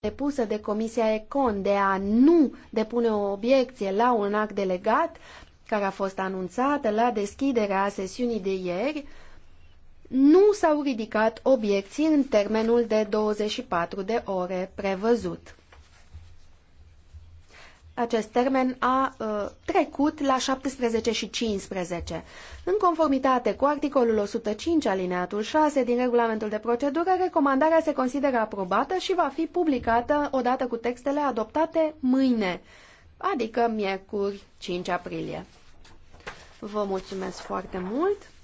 depusă de Comisia Econ de a nu depune o obiecție la un act delegat care a fost anunțată la deschiderea sesiunii de ieri, nu s-au ridicat obiecții în termenul de 24 de ore prevăzut acest termen a uh, trecut la 17 și 15. În conformitate cu articolul 105 alineatul 6 din regulamentul de procedură, recomandarea se consideră aprobată și va fi publicată odată cu textele adoptate mâine, adică miercuri 5 aprilie. Vă mulțumesc foarte mult!